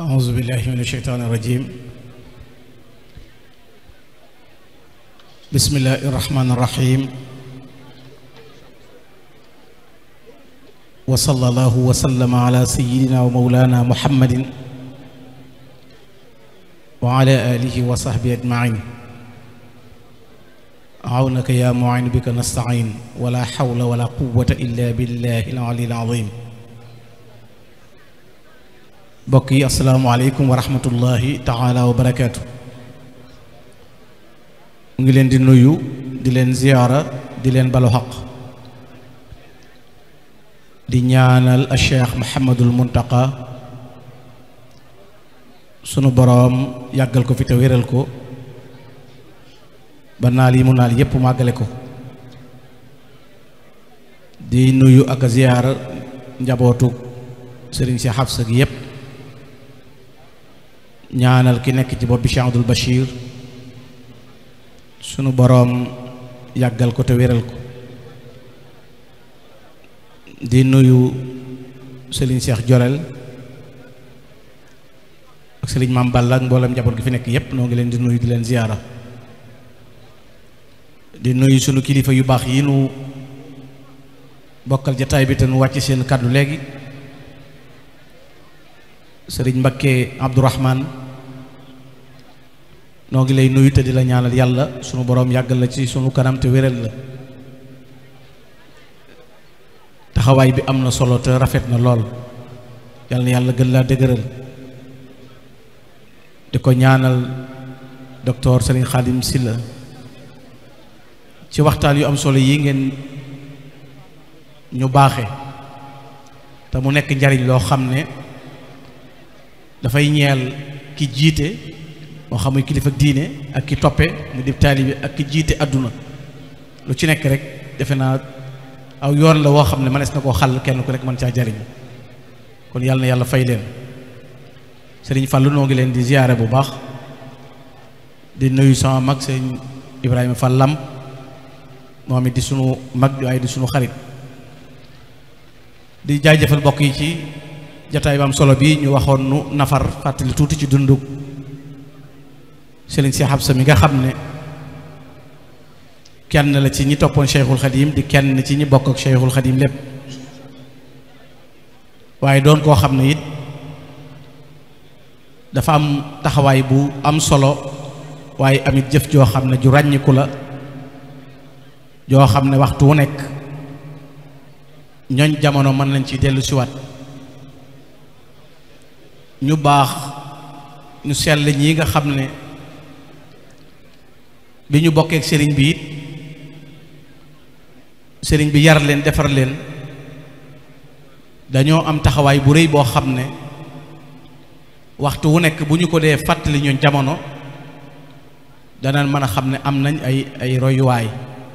أعوذ بالله من الشيطان الرجيم بسم الله الرحمن الرحيم وصلى الله وسلم على سيدنا ومولانا محمد وعلى آله وصحبه أجمعين عونك يا معين بك نستعين ولا حول ولا قوة إلا بالله العلي العظيم mbokk yi asalaamaaleykum wa rahmatullahi taala wa barakaatu mu ngi leen di nuyu di leen ziyaara di leen balu xaq di ñaanal a cheikh Mouhamadul Muntaqa sunu boroom yàggal ko fi te wéral ko ba naal yi mu naal yépp màggale ko di nuyu ak a ziyaara njabootu sëriñ si xabsa gi yépp ñaanal ki nekk ci bopp bi Cheikh Abdoul sunu boroom yàggal ko te wéral ko di nuyu Serigne Cheikh Jorel ak Serigne Mame Balla ak mboolem njaboot gi fi nekk yépp noo ngi leen di nuyu di leen ziyaara di nuyu sunu kilifa yu baax yi nu bokkal jataay bi te nu wàcc seen kàddu léegi Serigne Mbakke Abdourahmane noo ngi lay nuyu di la ñaanal yàlla sunu boroom yàggal la ci sunu kanam te wéral la taxawaay bi am na solo te rafet na lool yàlla yàlla gën laa dëgëral di ko ñaanal docteur Serigne si la ci waxtaan yu am solo yi ngeen ñu baaxe te mu nekk njariñ loo xam ne dafay ñeel ki jiite moo xam muy kilifa diine ak ki toppe mu di taalibe ak ki jiite àdduna lu ci nekk rek defe naa aw yoon la woo xam ne mënees na koo xàll kenn ku rek mën caa jariñ kon yàlla na yàlla fay leen sëriñ Fallou noo ngi leen di ziyaare bu baax di nuyu sama mag sëriñ Ibrahima Fallam moom it di sunu mag waaye di sunu xarit di jaajëfal mbokk yi ci jataay ba solo bi ñu waxoon nu nafar fàttali tuuti ci dunduk sëriñ si sa mi nga xam ne kenn la ci ñi toppoon cheikhul xadim di kenn ci ñi bokk ak cheikhul xadim lépp waaye doon koo xam ne it dafa am taxawaay bu am solo waaye amit jëf joo xam ne ju ràññiku la joo xam ne waxtu wu nekk ñooñ jamono mën nañ ci dellusiwaat ñu baax ñu sell ñi nga xam ne bi ñu bokkee ak sëriñ bi it sëriñ bi yar leen defar leen dañoo am taxawaay bu rëy boo xam ne waxtu wu nekk bu ñu ko dee fàttali ñu jamono danañ mën a xam ne am nañ ay ay royuwaay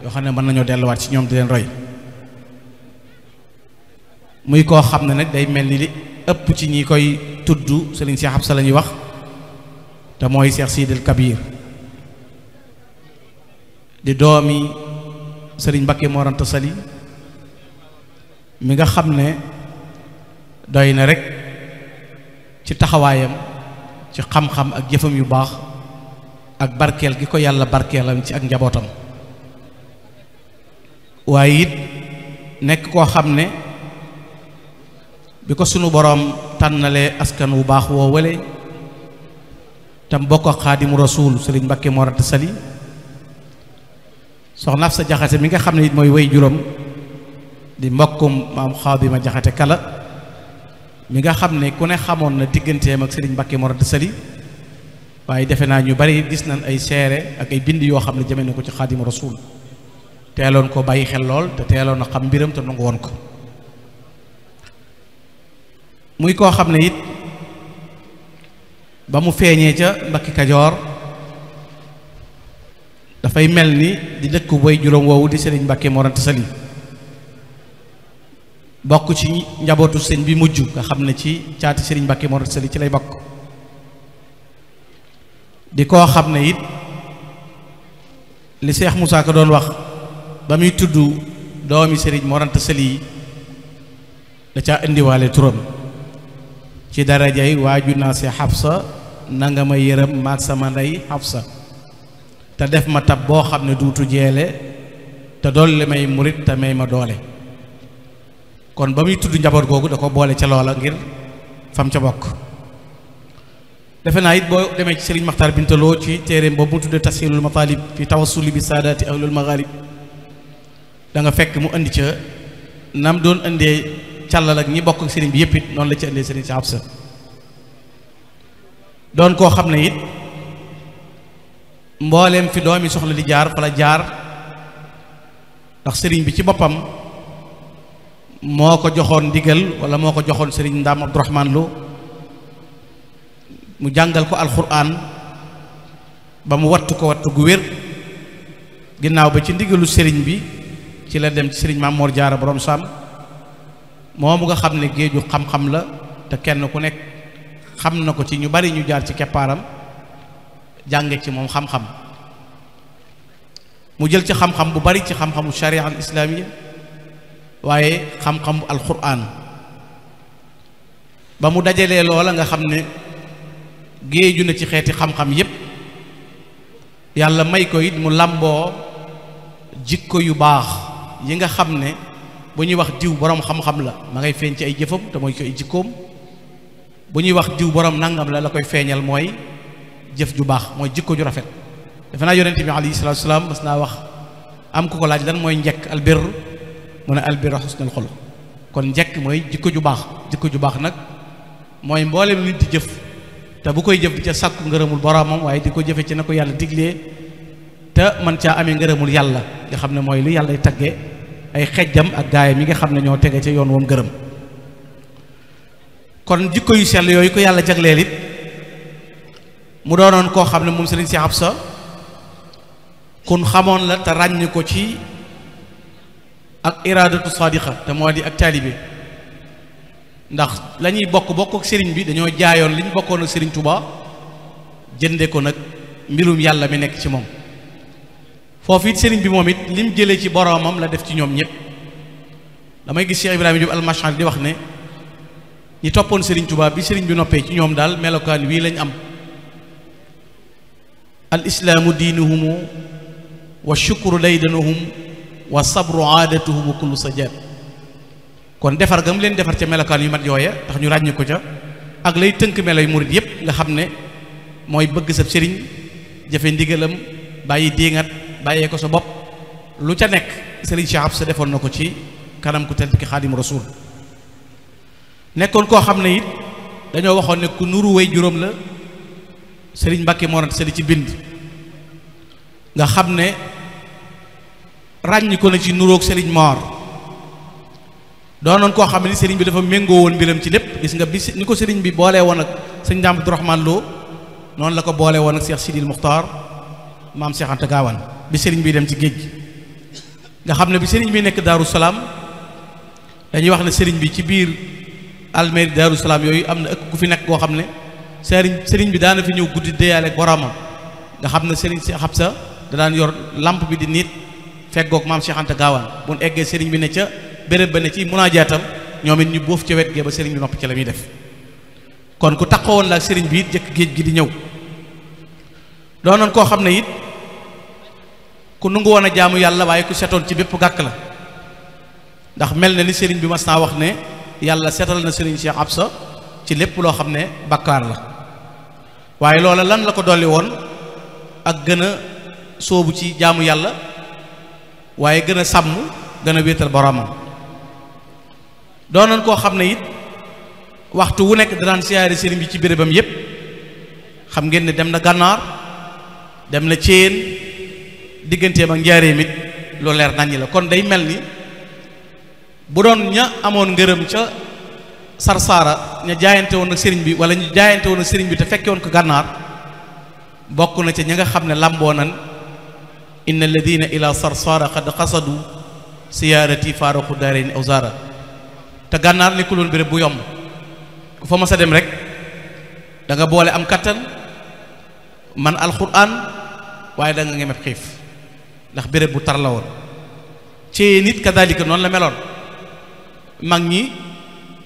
yoo xam ne mën nañoo delluwaat ci ñoom di leen roy muy koo xam ne nag day mel ni li ëpp ci ñi koy tudd sëriñ Cheikh Absa la ñuy wax te mooy Cheikh Sidil Kabir di doomi sëriñ mbakki Mor Anta Sali mi nga xam ne doy na rekk ci taxawaayam ci xam-xam ak jëfam yu baax ak barkeel gi ko yàlla barkeelam ci ak njabootam waaye it nekk koo xam ne bi ko sunu boroom tànnalee askan wu baax woo wale tam bokk xaadimu rasuul sëriñ Mbakke Mor Anta Sali soxna sa Jaxate mi nga xam ne it mooy way juróom di mbokkum maam ma Jaxate kala mi nga xam ne ku ne xamoon na digganteem ak Serigne Mbacké Mor Anta waaye defe naa ñu bari gis nañ ay seere ak ay bind yoo xam ne jëme na ko ci Xaadimu Rasuul teeloon ko bàyyi xel lool te teeloon a xam mbiram te nangu woon ko muy koo xam ne it ba mu feeñee ca Mbacké Kajoor dafay mel ni di dëkk boy juróom woowu di sëriñ Mbàkke Mor bokk ci njabootu sëñ bi mujj nga xam ne ci caati sëriñ Mbàkke Mor Anta ci lay bokk di koo xam ne it li Seex Musaa doon wax ba muy tudd doomi sëriñ Mor Anta Sali yi da caa indiwaale turam ci darajay waaju naa si sa nanga ma yërëm maag sama ndey sa te def ma tab boo xam ne duutu jeele te dolli may murit te may ma doole kon ba muy tudd njaboot googu da ko boole ca loola ngir fam ca bokk defe naa it boo demee ci Serigne Makhtar Bintaloo ci téere boobu mu tuddee tasxilul matalib fi tawassuli bi saadaati ahlul magharib da nga fekk mu indi ca nam doon indee càllal ak ñi bokk ak Serigne bi yëpp it noonu la ci indee Serigne si Absa doon koo xam ne it mbooleem fi doomi soxla di jaar fa la jaar ndax sëriñ bi ci boppam moo ko joxoon ndigal wala moo ko joxoon sëriñ ndaam abdourahman lu mu jàngal ko alxuraan ba mu wattu ko wattu gu wér ginnaaw ba ci ndigalu sëriñ bi ci la dem ci sëriñ Maam Mor Jaara borom Saam moomu nga xam ne géeju xam-xam la te kenn ku nekk xam na ko ci ñu bari ñu jaar ci keppaaram jànge ci moom xam-xam mu jël ci xam-xam bu bari ci xam-xamu sharia al islaamia waaye xam-xamu alquran ba mu dajalee loola nga xam ne géeju na ci xeeti xam-xam yépp yàlla may ko it mu làmboo jikko yu baax yi nga xam ne bu ñuy wax diw boroom xam-xam la ma ngay feeñ ci ay jëfam te mooy koy jikkoom bu ñuy wax diw boroom nangam la la koy feeñal mooy jëf ju baax mooy jikko ju rafet defe naa yonente bi alayhi salaam mas naa wax am ku ko laaj lan mooy njekk albir mu ne albir xusnul xol kon njekk mooy jikko ju baax jikko ju baax nag mooy mboolem nit di jëf te bu koy jëf di ca sàkku ngërëmul boroomam waaye di ko jëfe ci na ko yàlla diglee te man caa amee ngërëmul yàlla nga xam ne mooy li yàlla tagge ay xejjam ak gaayam yi nga xam ne ñoo tege ca yoon woom ngërëm kon jikko yu sell yooyu ko yàlla jagleel it mu doonoon koo xam ne moom sëriñ si sa kun xamoon la te ràññ ko ci ak iraadatu sadiqa te moo di ak taalibe ndax lañuy bokk bokk ak sëriñ bi dañoo jaayoon liñ ñu bokkoon ak sëriñ Touba jënde ko nag mbirum yàlla mi nekk ci moom foofu it sëriñ bi moom it lim jëlee ci boroomam la def ci ñoom ñëpp damay gis Cheikh Ibrahima Diop almachan di wax ne ñi toppoon sëriñ Touba bi sëriñ bi noppee ci ñoom daal melokaan wii lañ am al islaamu diinuhumu wa shukru laydanuhum wa sabru aadatuhum wa kullu sajaat kon defar ga mu leen defar ca melokaan yu mat yooya tax ñu ràññi ko ca ak lay tënk melo yu murit yépp nga xam ne mooy bëgg sa sëriñ jafe ndigalam bàyyi diingat bàyyee ko sa bopp lu ca nekk sëriñ Cheikh Absa defoon na ko ci kanam ku tedd ki xaadim rasuul nekkoon koo xam ne it dañoo waxoon ne ku nuru way juróom la sëriñ Mbàkke moo nat sëriñ ci bind nga xam ne ràññi ko na ci nurook sëriñ moor noon koo xam ne ni bi dafa méngoo woon mbiram ci lépp gis nga bi ni ko sëriñ bi boole woon ak sëñ Daam Abdourahmane Lo noonu la ko boolee woon ak seex Sidil Muxtaar maam Cheikh Anta Gaawaan bi sëriñ bi dem ci géej gi nga xam ne bi sëriñ bi nekk Daaru Salaam dañuy wax ne sëriñ bi ci biir almeeri Daaru Salaam yooyu am na ëkk ku fi nekk koo xam ne sëriñ sëriñ bi daana fi ñëw guddi deyaale ak nga xam ne sëriñ si sa da daan yor làmp bi di nit feggoog maam Cheikh Anta Gaawaan bu nu eggee sëriñ bi ne ca béréb ba ne ci munajaatam ñoom it ñu bóof ca wet gee ba sëriñ bi nopp ca la muy def kon ku taxawoon woon la ak sëriñ bi it jëkk géej gi di ñëw doonoon koo xam ne it ku nu ngu woon a jaamu yàlla waaye ku setoon ci bépp gàkk la ndax mel na ni sëriñ bi mas naa wax ne yàlla setal na sëriñ ab sa ci lépp loo xam ne bakkaar la waaye loola lan la ko dolli woon ak gën soobu ci jaamu yàlla waaye gën a sàmm gën a wéetal boromam doonoon koo xam ne it waxtu wu nekk danaan siyaare sëriñ bi ci bérébam yépp xam ngeen ne dem na gànnaar dem na céen digganteem ak njaareem it lu leer naññi la kon day mel ni bu doon ña amoon ngërëm ca sarsaara ña jaayante woon ak sëriñ bi wala ñu jaayante woon ak sëriñ bi te fekke woon ko gànnaar bokk na ca ña nga xam ne làmboo inna alladina ila sarsara qad qasadu siyaarati faaraxu daarayni aw zaara te gànnaar nekkul woon béréb bu yomb ku fa mas a dem rek danga boole am kattan man alquran waaye da nga xiif ndax béréb bu tar la woon céyeen it kadalika noonu la meloon mag ñi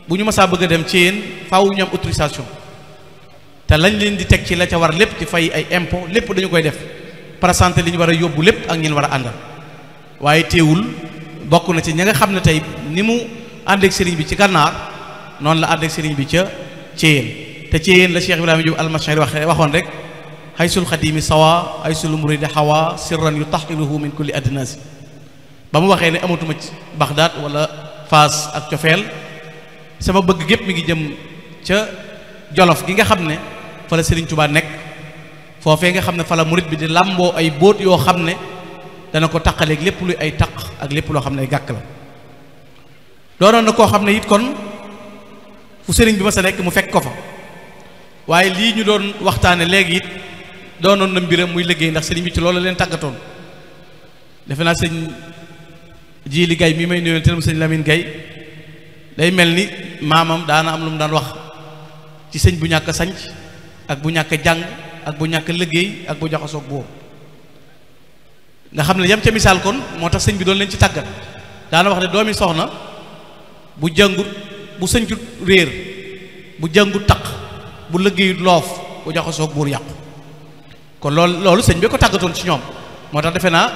bu ñu masaa bëgg a dem céyeen faaw ñu am autorisation te lañ leen di teg ci la ca war lépp ci fay ay impôt lépp dañu koy def présenté li ñu war a yóbbu lépp ak ñi war a àndal waaye téewul bokk na ci ña nga xam ne tey ni mu àndeek sëriñ bi ci gànnaar noonu la àndeek sëriñ bi ca Ceyeen te Ceyeen la Cheikh Ibrahima Diop almashari waxe waxoon rek haysul xadimi sawa haysul muridi hawa sirran yutahiruhu min kulli adnasi ba mu waxee ne amatuma ci Baxdaad wala Faas ak cofeel sama bëgg gépp mi ngi jëm ca Jolof gi nga xam ne fa la Sëriñ Tuubaa nekk foofee nga xam ne fala murit bi di làmboo ay bóot yoo xam ne dana ko taqaleeg lépp luy ay taq ak lépp loo xam ne ay gàkk la doonoon na koo xam ne it kon fu sëriñ bi ma sa nekk mu fekk ko fa waaye lii ñu doon waxtaane léegi it doonoon na mbiram muy liggéey ndax sëriñ bi ci loolu leen tàggatoon defe naa sëñ Jili Gay mi may nuyoon te mu sëñ Lamine Gay day mel ni maamam daana am lu mu daan wax ci sëñ bu ñàkk a sanc ak bu ñàkk jàng ak bu ñàkk liggéey ak bu jaxasoog buur nga xam ne yam ca misaal kon moo tax sëñ bi doon leen ci tàggat daana wax ne doomi soxna bu jàngut bu sëñcut réer bu jàngut taq bu liggéeyut loof bu jaxasoog buur yàqu kon loolu loolu sëñ bi ko tàggatoon ci ñoom moo tax defe naa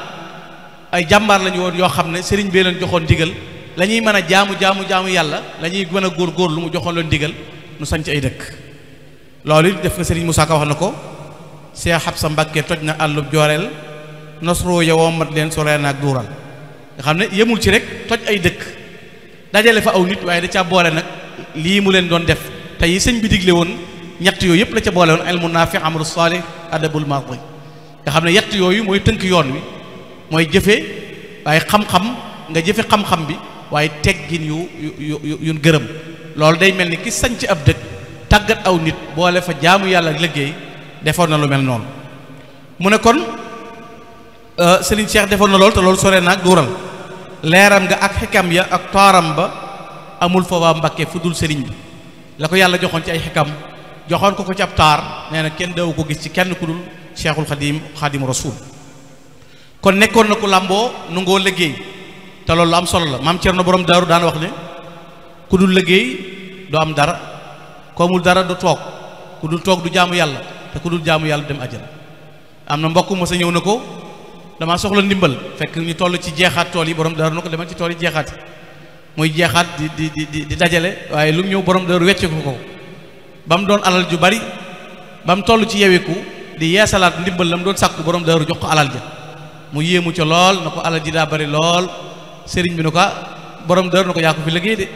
ay jàmbaar lañu woon yoo xam ne sëriñ bee leen joxoon digal lañuy mën a jaamu jaamu jaamu yàlla lañuy ñuy mën a góor góor lu mu joxoon leen digal nu sañc ay dëkk loolu def nga sëriñ Moussa Ka wax na ko Cheikh sa Mbacké toj na àllub jooreel nasro ya wommat leen soree naag duural nga xam ne yemul ci rek toj ay dëkk dajale fa aw nit waaye da caa boole nag lii mu leen doon def te yi sëñ bi digle woon ñett yooyu yëpp la ca boole woon ilmu naafi amalu saalih adabul mardi nga xam ne yett yooyu mooy tënk yoon wi mooy jëfe waaye xam-xam nga jëfe xam-xam bi waaye teggin yu yu yu yu gërëm loolu day mel ni ki sañ ci ab dëkk tàggat aw nit boole fa jaamu yàlla liggéey defoon na lu mel non mu ne kon euh, Serigne Cheikh defoon na lol te lol sore nak dural leram nga ak hikam ya ak taram ba amul fowa waa fudul Serigne bi la ko yàlla joxoon ci ay hikam joxon ko ko ci ab tar neena ken dew ko gis ci ken kudul Cheikhul khadim khadim Rasul kon nekkon nako lambo legi nu ngoo liggéey te lol lu am solo la mam cierno borom daru dan wax ne kudul liggey do am dara dara do tok kudul tok du jamu yalla te ku dul jaamu yalla dem aljana amna na mbokk mos a ñëw na dama soxla ndimbal fekk ñu tollu ci jeexat tool yi borom daru nako dem ci tool yi jeexaat muy jeexaat di di di di dajale waye lu ñew borom daru wecce ko ko bam doon alal ju bari bam tollu ci yeweku di yeesalat ndimbal lam doon sakku borom daru jox ko alal ja mu yemu ci lool nako alal ji da bari lool serigne bi nako ah, borom daru nako ko ko fi liggey de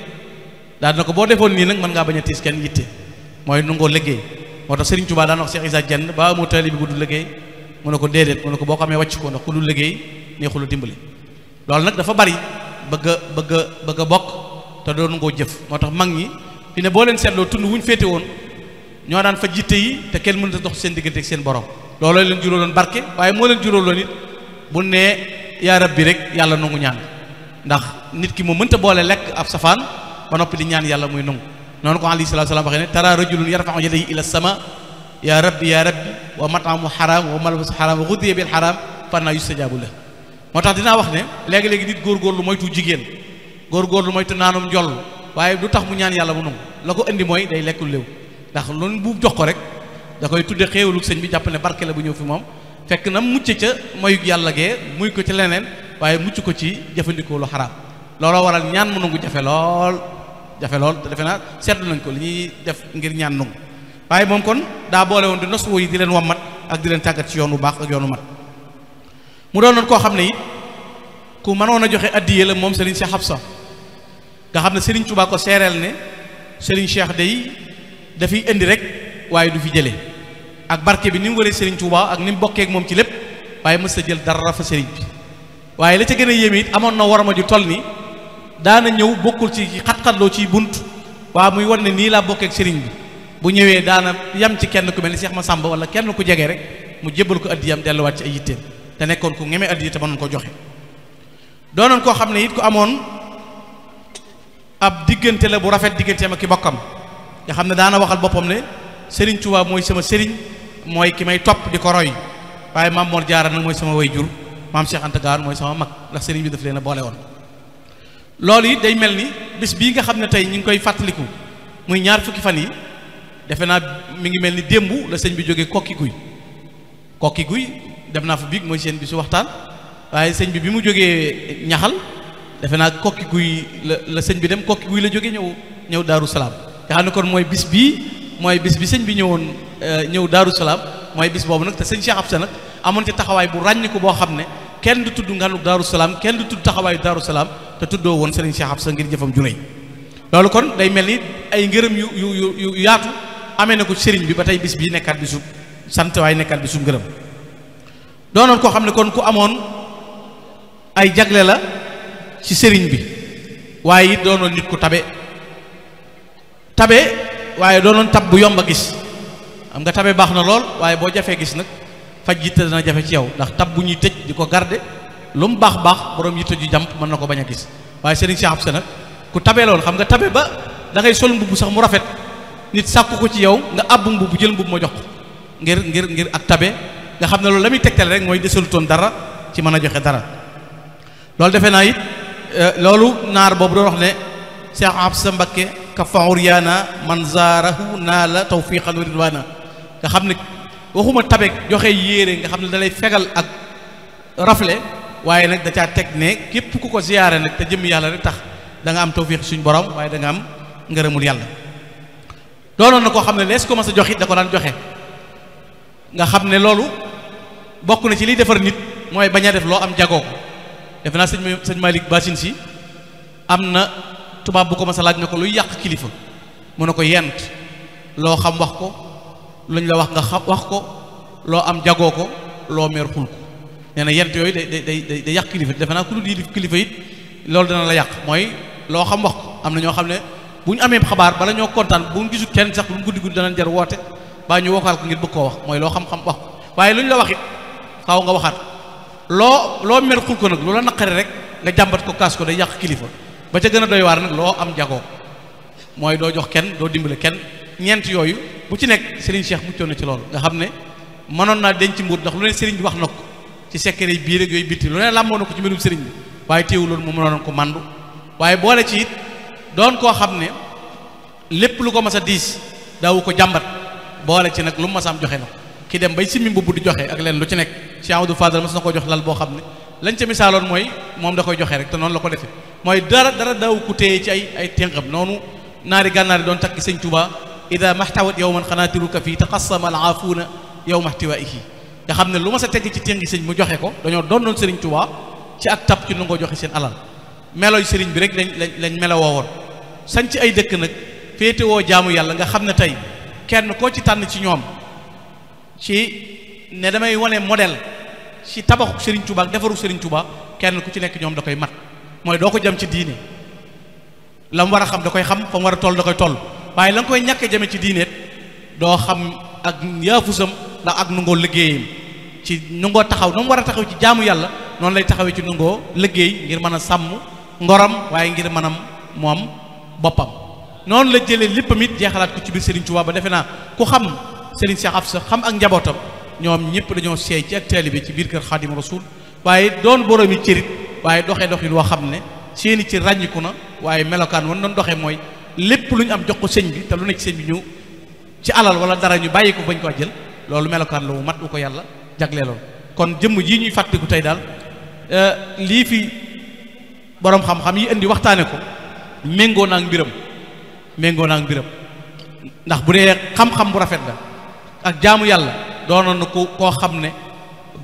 daal nako bo defon ni nak man nga baña bañ ken yitte moy nungo liggey moo tax Serigne Touba daan wax Cheikh Issa Dieng ba amoo taalibe bu dul liggéey mu ne ko déedéet mu ne ko boo xamee wàcc ko ndax ku dul liggéey neexul dimbali loolu nag dafa bari bëgg a bëgg bëgg bokk te doon ngoo jëf moo tax mag ñi fi ne boo leen seetloo tund wuñ féete woon ñoo daan fa jitte yi te kenn mënut a dox seen diggante ak seen borom looloo leen juróoloon barke waaye moo leen juróoloon it bu nee yaa rabbi rek yàlla nangu ñaan ndax nit ki mu mënta boole lekk ab safaan ba noppi di ñaan yàlla muy nangu noonu ko alayhi salaatu salaam waxee ne tara rajulun yarfau yadayhi ila sama ya rabbi ya rabbi wa mataamu xaraam wa malbasu xaraam wa xudiya bil xaraam fanaa yustajaabu la moo tax dinaa wax ne léegi-léegi nit góorgóorlu moytu jigéen góorgóorlu moytu naanum njol waaye lu tax mu ñaan yàlla mu nangu la ko indi mooy day lekkul léew ndax loolu bu jox ko rek da koy tudde xéewalu sëñ bi jàpp ne barke la bu ñëw fi moom fekk na mucc ca mayug yàlla gee muy ko ci leneen waaye mucc ko ci jëfandikoo lu xaraam looloo waral jafe lool te defe naa seetlu nañ ko li ñuy def ngir ñaan nangu waaye moom kon daa boole woon di nos yi di leen mat ak di leen tàggat ci yoon bu baax ak yoonu mat mu doonoon koo xam ne it ku mënoon a joxe addiye la moom Serigne Cheikh Absa nga xam ne Serigne Touba ko seereel ne Serigne Cheikh day dafiy indi rek waaye du fi jëlee ak barke bi ni mu waree Serigne Touba ak ni bokkeek moom ci lépp waaye mës sa jël dara fa Serigne bi waaye la ca gën a yéeme daana ñëw bokkul ci xat-xatloo ci bunt waa muy wan ne nii laa bokkeek sëriñ bi bu ñëwee daana yam ci kenn ku mel ni Seex ma Masamba wala kenn ku jege rek mu jébbal ko addiyam delluwaat ci ay yitteem te nekkoon ku ngeme addiya te mënoon ko joxe doonoon koo xam ne it ku amoon ab diggante la bu rafet digganteem ak ki bokkam nga xam ne daana waxal boppam ne Sëriñ Tuubaa mooy sama sëriñ mooy ki may topp di ko roy waaye Maam Mor Jaara nag mooy sama way jur Maam Cheikh Anta Gaawaan mooy sama mag ndax sëriñ bi daf leen a boole loli day melni ni bis bi nga xamne tay ñing koy fàttaliku muy ñaar fukki fan yi defena mi ngi mel ni la señ bi joge kokki guuy kokki guuy dem naa fa biig mooy seen bisu waxtaan waye señ bi bi mu joge ñaxal defena kokki guuy la señ bi dem kokki guuy la joge ñew ñew daru salam nga xam kon moy bis bi moy bis bi señ bi ñëwoon eh, ñew daru salam moy bis bobu nak te señ Cheikh abdou nak amon ci taxaway bu ràññiku boo xam ne kenn du tuddu ngalu daru salam kenn du tuddu taxaway daru salam te tuddoo woon Serigne Cheikh Absa ngir jëfam ju réy loolu kon day mel ni ay ngërëm yu yu yaatu amee na ko sëriñ bi ba tey bis bi nekkaat bi sub sant waaye nekkaat bi su ngërëm doonoon koo xam ne kon ku amoon ay jagle la ci sëriñ bi waaye it doonoon nit ku tabe tabe waaye doonoon tab bu yomb a gis xam nga tabe baax na lool waaye boo jafee gis nag faj jiite dana jafe ci yow ndax tab bu ñuy tëj di ko garde lu mu baax baax borom yitte ju jàmp mën na ko bañ a gis waaye Serigne Cheikh Absa nag ku tabee lool xam nga tabe ba da ngay sol mbubb sax mu rafet nit sàkku ko ci yow nga àbb mbubb jël mbubb ma jox ko ngir ngir ak tabe nga xam ne loolu la muy tegtale rek mooy desalutoon dara ci mën a joxe dara loolu defe naa it euh, loolu naar boobu doon wax ne Cheikh Absa Mbakke ka faxur yaana man zaarahu naa la tawfiqan wa ridwaana nga xam ne waxuma tabe joxe yéere nga xam ne dalay fegal ak rafle waaye nag da caa teg ne képp ku ko ziyaare nag te jëm yàlla rek tax danga nga am tawfiix suñu borom waaye danga nga am ngërëmul yàlla doonoon na koo xam ne lees ko mas a jox it da ko daan joxe nga xam ne loolu bokk na ci liy defar nit mooy bañ a def loo am jagoo def naa sëñ sëñ Malick Basin si am na tubaab bu ko laaj ne ko luy yàq kilifa mu ne ko yent loo xam wax ko luñ la wax nga xam wax ko loo am jagoo ko loo meer xul ko nee na yent yooyu day day day day yàq kilifa defe naa ku dul yilif kilifa it loolu dana la yàq mooy loo xam wax ko am na ñoo xam ne bu ñu amee xabaar bala ñoo kontaan bu ñu gisul kenn sax lu mu guddi guddi danañ jar woote baa ñu wokkaal ko ngir bëgg ko wax mooy loo xam-xam wax waaye lu ñu la wax it faaw nga waxaat loo loo mer xul ko nag la naqari rek nga jàmbat ko kaas ko day yàq kilifa ba ca gën a doy waar nag loo am jagoo mooy doo jox kenn doo dimbale kenn ñeent yooyu bu ci nekk Serigne Cheikh muccoon na ci loolu nga xam ne mënoon naa denc mbuut ndax lu ne Serigne bi wax na ko ci secret yi biir ak yooyu bitti lu ne làmboon na ko ci mbirum sëriñ bi waaye téewu loolu mu mënoon ko mandu waaye boole ci it doon koo xam ne lépp lu ko mas a diis dawu ko jàmbat boole ci nag lu mu mas a am joxe na ki dem bay simmi mbubb di joxe ak leen lu ci nekk Cheikh Amadou Fadal mas na ko jox lal boo xam ne lañ ca misaaloon mooy moom da koy joxe rek te noonu la ko defee mooy dara dara daawu ko ci ay ay ténqam noonu naari gànnaar yi doon takki sëñ Tuubaa ida maxtawat yowman xanaatiruka fii taqassama al aafuuna yow maxtiwaihi nga xam ne lu ma sa tegg ci téngi sëñ mu joxe ko dañoo doonoon sëriñ Tuubaa ci ak tab ci nu ngoo joxe seen alal melooy sëriñ bi rek lañ lañ lañ melowoo woon sañ ci ay dëkk nag féetewoo jaamu yàlla nga xam ne tey kenn koo ci tànn ci ñoom ci ne damay wane model ci tabaxu sëriñ Tuubaa ak defaru sëriñ Tuubaa kenn ku ci nekk ñoom da koy mat mooy doo ko jëm ci diine la mu war a xam da koy xam fa mu war a toll da koy toll waaye la nga koy ñàkkee jëme ci diineet ndax ak nungoo liggéeyam ci nungoo taxaw nu war a taxaw ci jaamu yàlla noonu lay taxawee ci nungoo liggéey ngir mën a sàmm ngoram waaye ngir mën a moom boppam noonu la jëlee léppam it jeexalaat ko ci biir Serigne Touba ba defe naa ku xam Serigne Cheikh sa xam ak njabootam ñoom ñëpp dañoo seey ci ak taalibe ci biir kër Xaadim Rasul waaye doon boroomi cërit waaye doxee doxin woo xam ne seeni ci ràññiku na waaye melokaan wan doon doxee mooy lépp lu ñ am jox ko sëñ bi te lu nekk sëñ bi ñu ci alal wala dara ñu bàyyi ko bañ koo jël loolu melokaan la mu mat wu ko yàlla jagleeloon kon jëmm ji ñuy fàttiku tey daal euh, lii fi boroom xam-xam yi indi waxtaane ko méngoo naa ak mbiram méngoo naa ak mbiram ndax bu dee xam-xam bu rafet la ak jaamu yàlla doonoon na ko koo xam ne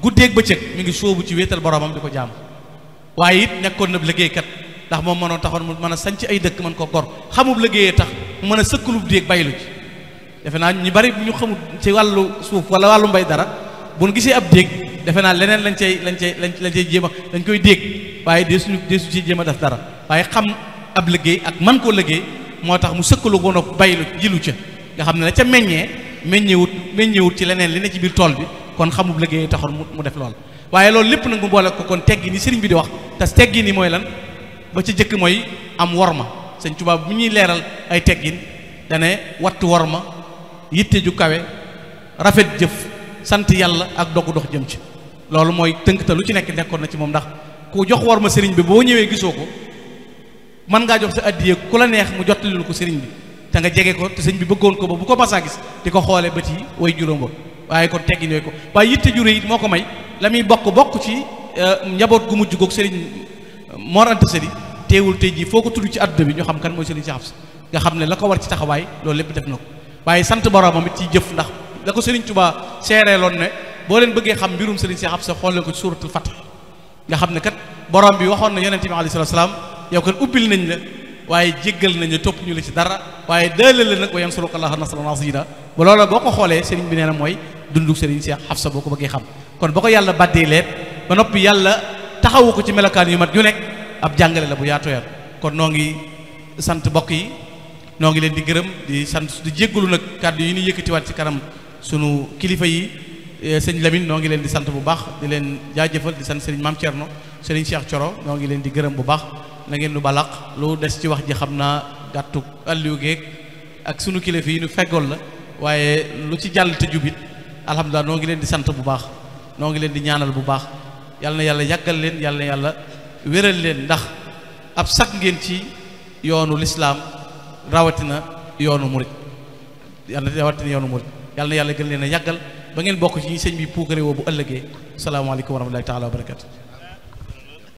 guddeeg bëccëg mi ngi sóobu ci wéetal boromam di ko jaamu waaye it nekkoon na liggéeykat ndax moom mënoon taxoon mu mën a sanc ay dëkk mën ko gor xamub liggéeyee tax mu mën a sëkkalub déeg baylu ci defe naa ñu bari ñu xamul ci wàllu suuf wala wàllu mbay dara bu nu gisee ab déeg defe naa leneen lañ cay lañ cay lañ cay jéem a dañ koy dégg waaye dee suñu dee su ci jéem a def dara waaye xam ab liggéey ak man koo liggéey moo tax mu sëkkalu ko nag baylu jilu ca nga xam ne la ca meññee meññeewut meññewut ci leneen li ne ci biir tool bi kon xamub liggéey taxoon mu def lool waaye loolu lépp nag mu boole ko kon teggi ni sëriñ bi di wax te teggi ni mooy lan ba ca jëkk mooy am worma sëñ Tuubaa bu ñuy leeral ay teggin dane wattu worma yitte ju kawe rafet jëf sant yàlla ak dogu dox jëm ci loolu mooy tënk lu ci nekk nekkoon na ci moom ndax ku jox war ma sëriñ bi boo ñëwee gisoo ko mën ngaa jox sa addiyee ku la neex mu jottalil ko sëriñ bi te nga jege ko te sëñ bi bëggoon ko ba bu ko masaa gis di ko xoolee bët yi way juróom ba waaye kon tegginee ko waaye yitte jure yi moo ko may la muy bokk bokk ci euh, njaboot gu mujj goog sëriñ euh, Mor Anta Sali teewul te jii foo ko tudd ci àdduna bi ñu xam kan mooy sëriñ Cheikh nga xam ne la ko war ci taxawaay loolu lépp def na ko waaye sant boromam it ci jëf ndax la ko Serigne Touba loon ne boo leen bëggee xam mbirum Serigne Cheikh Absa xool leen ko ci suuratul Fath nga xam ne kat borom bi waxoon na yonent bi alayhi salaatu salaam yow kat ubbil nañ la waaye jéggal nañ la ñu la ci dara waaye dëllë la nag wa yansuruka Allahu nasran aziizan ba loola boo ko xoolee Serigne bi nee na mooy dundu Serigne Cheikh Absa boo ko bëggee xam kon ba ko yàlla baddee leet ba noppi yàlla taxawu ko ci melokaan yu mat yu nekk ab jàngale la bu yaatu yaatu kon noo ngi sant mbokk yi. noo ngi leen di gërëm di sant di jéggalu nag kàddu yi ñu yëkkatiwaat ci kanam sunu kilifa yi eh, sëñ Lamine noo ngi leen di sant bu baax di leen jaajëfal di sant sëriñ Maam Thierno sëriñ Cheikh Thioro noo ngi leen di gërëm bu baax na ngeen lu balaq lu des ci wax ji xam naa gàttu alliu geeg ak sunu kilifa yi nu feggoon la waaye lu ci jàll te jubit alhamdulilah noo ngi leen di sant bu baax noo ngi leen di ñaanal bu baax yàlla na yàlla yàggal leen yàlla na yàlla wéral leen ndax ci rawatina yoonu murit yàlla rawatina yoonu murit yàlla na yàlla gën leen a yàggal ba ngeen bokk ci ñi sëñ bi puukare woo bu ëllëgee salaamaaleykum wa rahmatullahi taala wa barakatu